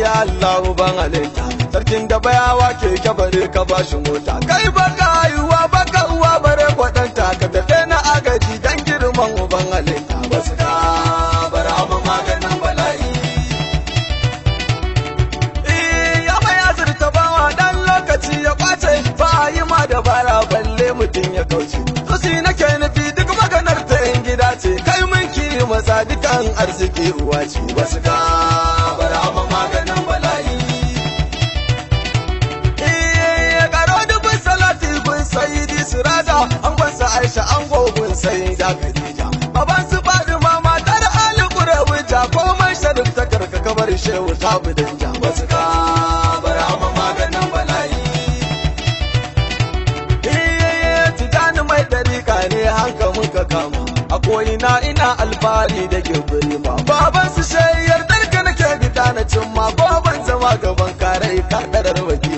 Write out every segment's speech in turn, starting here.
ya Allah ban halitta sarkin da bayawa ke kabare ka bashi mota kai baka haihuwa baka uwa bare kwadanta ka tafe na agaji dan girman uban halitta basu ka bara abu maganin bala'i eh, ya mai azurta bawa dan lokaci ya kwace ba yi ma da bara balle mutum ya kauce tusi nake nufi duk maganar ta yan gida ce kai mun ki masa dukan arziki uwa ce basu bari shehu ta budan ja wasu ka bara mu maganin bala'i eh tijani mai dariƙa ne hanka muka kama a ko'ina ina alfahari da gibiri ma baban su shayyar dalka nake bita na cimma baban zama gaban kare ka ɗarar waje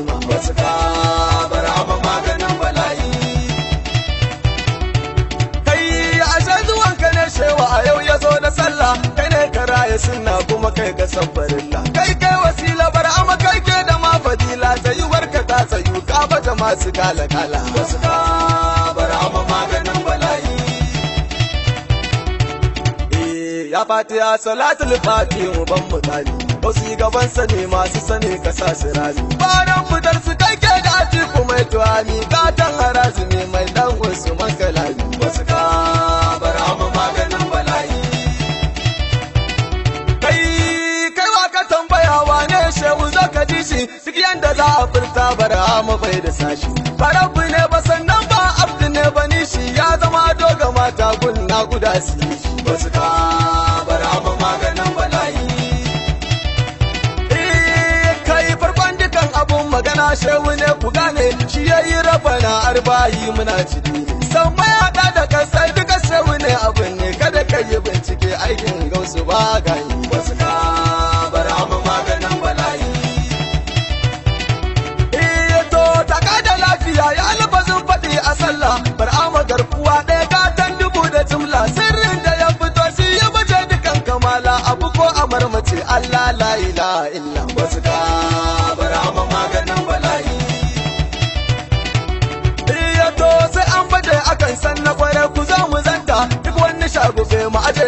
san kai kai wasila bar ama kai ke da ma fadila sayu barka ta sayu ka bata masu kala kala wasu ka bar ama maganin bala'i eh ya fatiha salatul fatiha uban mutane wasu gaban sa ne masu sani ka sa su rami baran fitar su kai ke da ci kuma tuwami ka ta harazi ne mai dan wasu makalami tare da sashi farabu ne ba sannan ba abdu ne ba nishi ya zama doga mata gunna guda su ba su ka bara ba maganin bala'i eh, kai farkon dukan abun magana shehu ne ku gane shi ya yi raba na arba'i muna ciki san mayaɗa da kasar duka shehu ne abin ne kada ka yi bincike aikin gausu ba gani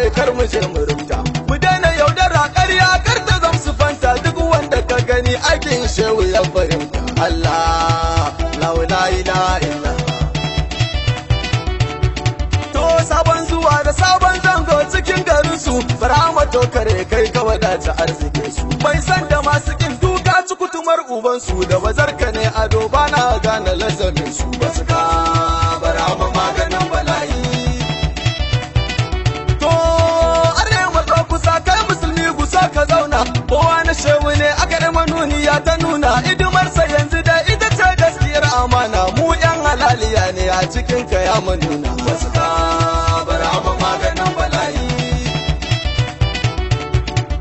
ce kar mu je mu rubuta mu daina yaudara ƙarya kar ta zam su fanta duk wanda ka gani aikin shehu ya fahimta Allah laula ila illa to sabon zuwa da sabon zango cikin garin su barama kare kai ka wadata arzikinsu. su bai san da masu kin duka ci kutumar uban su da bazarka ne ado bana gane lazamin su ba ka cikin ka ya manuna wasu abu maganin bala'i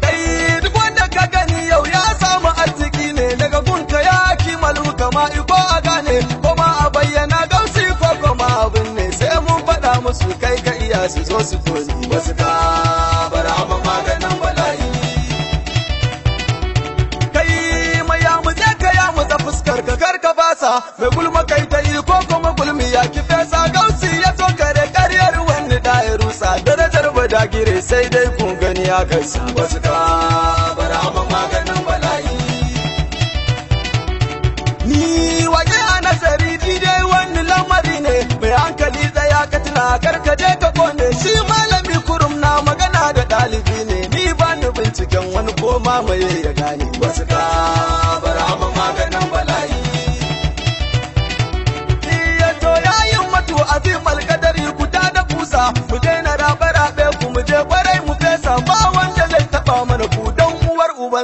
kai duk wanda ka gani yau ya samu arziki ne daga gunka ya kimalu kama iko a gane kuma a bayyana gausi ko kuma abin ne sai mun faɗa musu kai ga iya su zo su sai dai kun gani ya kai sa su ka bara man maganin bala'i ni waje a nasari ji dai wani lamari ne mai hankali tsaya ka tuna karkaje ka kone shi malami kurum na magana da ɗalibi ne ni ba ni binciken wani ko mamaye ya gane wasu ka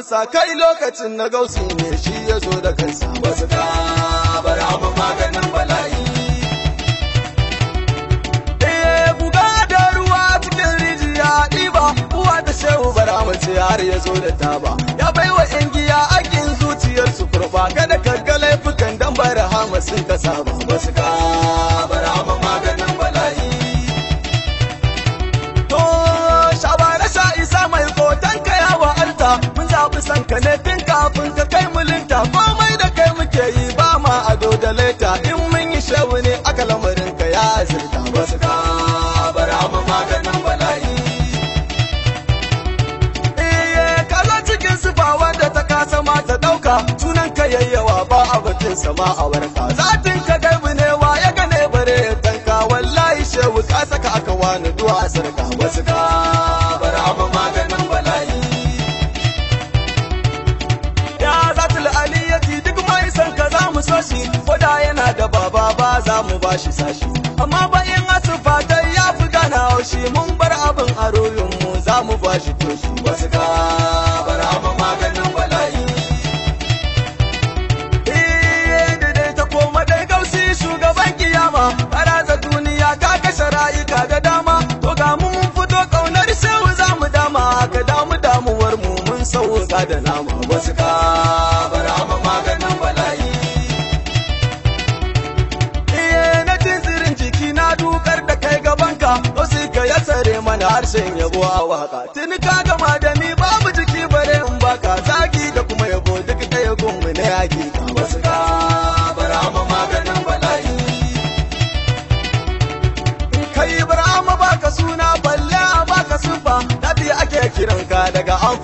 kansa kai lokacin na gausu ne shi ya zo da kansa wasu ka bari abu maganin bala'i eh buga da ruwa cikin rijiya ɗiba uwa da shehu bara mace har ya zo da taba ya baiwa yan giya akin zuciyar su kurba kada kaggala fukan dan bai hama sun kasa ba wasu ka san ne tun kafin ka kai mulinta komai da kai muke yi ba ma ado da laita in mun yi shawu ne aka lamarin ka ya azurta ba su ka bara mu maganin bala'i eh ka zo cikin sufa wanda ta kasa ma ta dauka sunan ka yayyawa ba a batun sama a warka zatin ka gaibu ne wa ya gane bare tanka wallahi shawu ka saka aka wani duwa sarka su ka bara mu maganin mu ba shi sashi amma ba in fatan ya fi gana haushi mun bar abin a mu za mu ba shi toshi wasu ka bar abin maganin bala'i ta koma dai gausi shugaban kiyama za duniya ka kashe rayuka da dama to ga mu mun fito kaunar shehu za mu dama ka damu damuwar mu mun sauka da nama wasu ka tare mana harshen yabo a waka tun ka gama da ni babu jiki bare in baka zagi da kuma yabo duk da ya mu na yaki wasu ka bara ma maganin bala'i kai bara ma baka suna balle a baka sufa nabi ake kiran ka daga an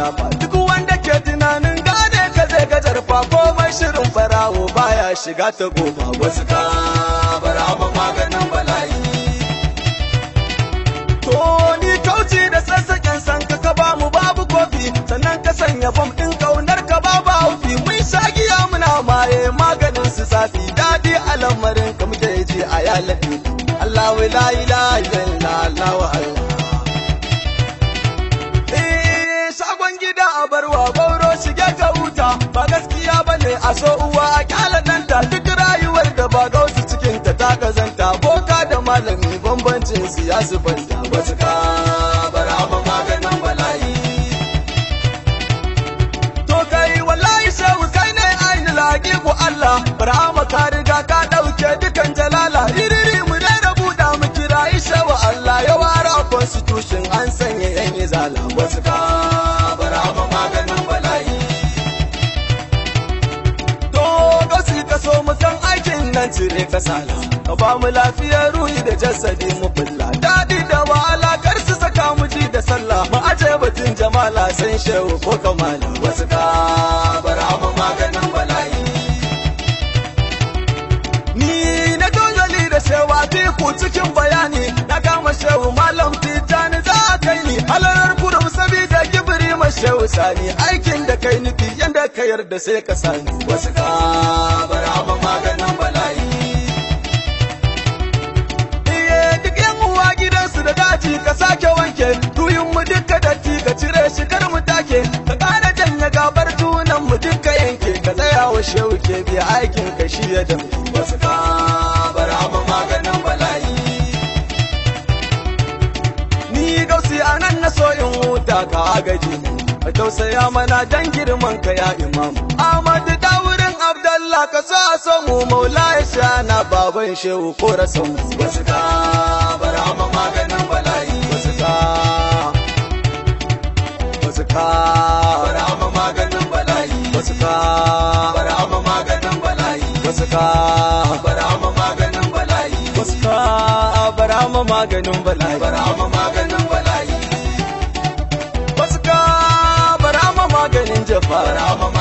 da ba duk wanda ke tunanin gane ka zai ga jarfa. komai shirin farawo baya shiga ta goma. wasu ka bara ma maganin bala'i to ni kauci da sassaƙen san ka ba mu babu kofi sannan ka sanya bom ɗin ƙaunar ka babu haufi mun sha giya muna maye maganin su safi daɗi a lamarin ka muke ji a yalabi Allah wa layi ilaha illallah Allah wa Allah eh, Shagon gida a barwa gauro shige ka huta ba gaskiya bane a so uwa a kyala duk rayuwar da ba gausu cikin ta ta kazanta boka da malami bambancin siyasa banta kan cire kasala ka ba mu lafiyar ruhi da jasadi mu fulla daɗi da wahala kar su saka mu ji da sallah mu aje batun jamala san shehu ko kamali wasu ka bara mu maganin bala'i ni na dozali da shewa ku cikin bayani na kama shehu malam tijani za a kai ni halarar kurum sabida gibiri ma shehu sani aikin da kai nufi yanda ka yarda sai ka sani wasu ka bara mu maganin ko shauke bi aikin ka shi ya damki wasu ka bar amma maganin bala'i ni gausi anan na so in huta ka agaji. A tausaya mana dan girman ka ya imam Ahmadu wurin Abdallah ka so a so mu Maula Isha na baban shehu ko rasa mu wasu ka bara ma maganin bala'i wasu ka wasu ka maganin bala'i barama maganin bala'i wasu ka barama maganin jafa barama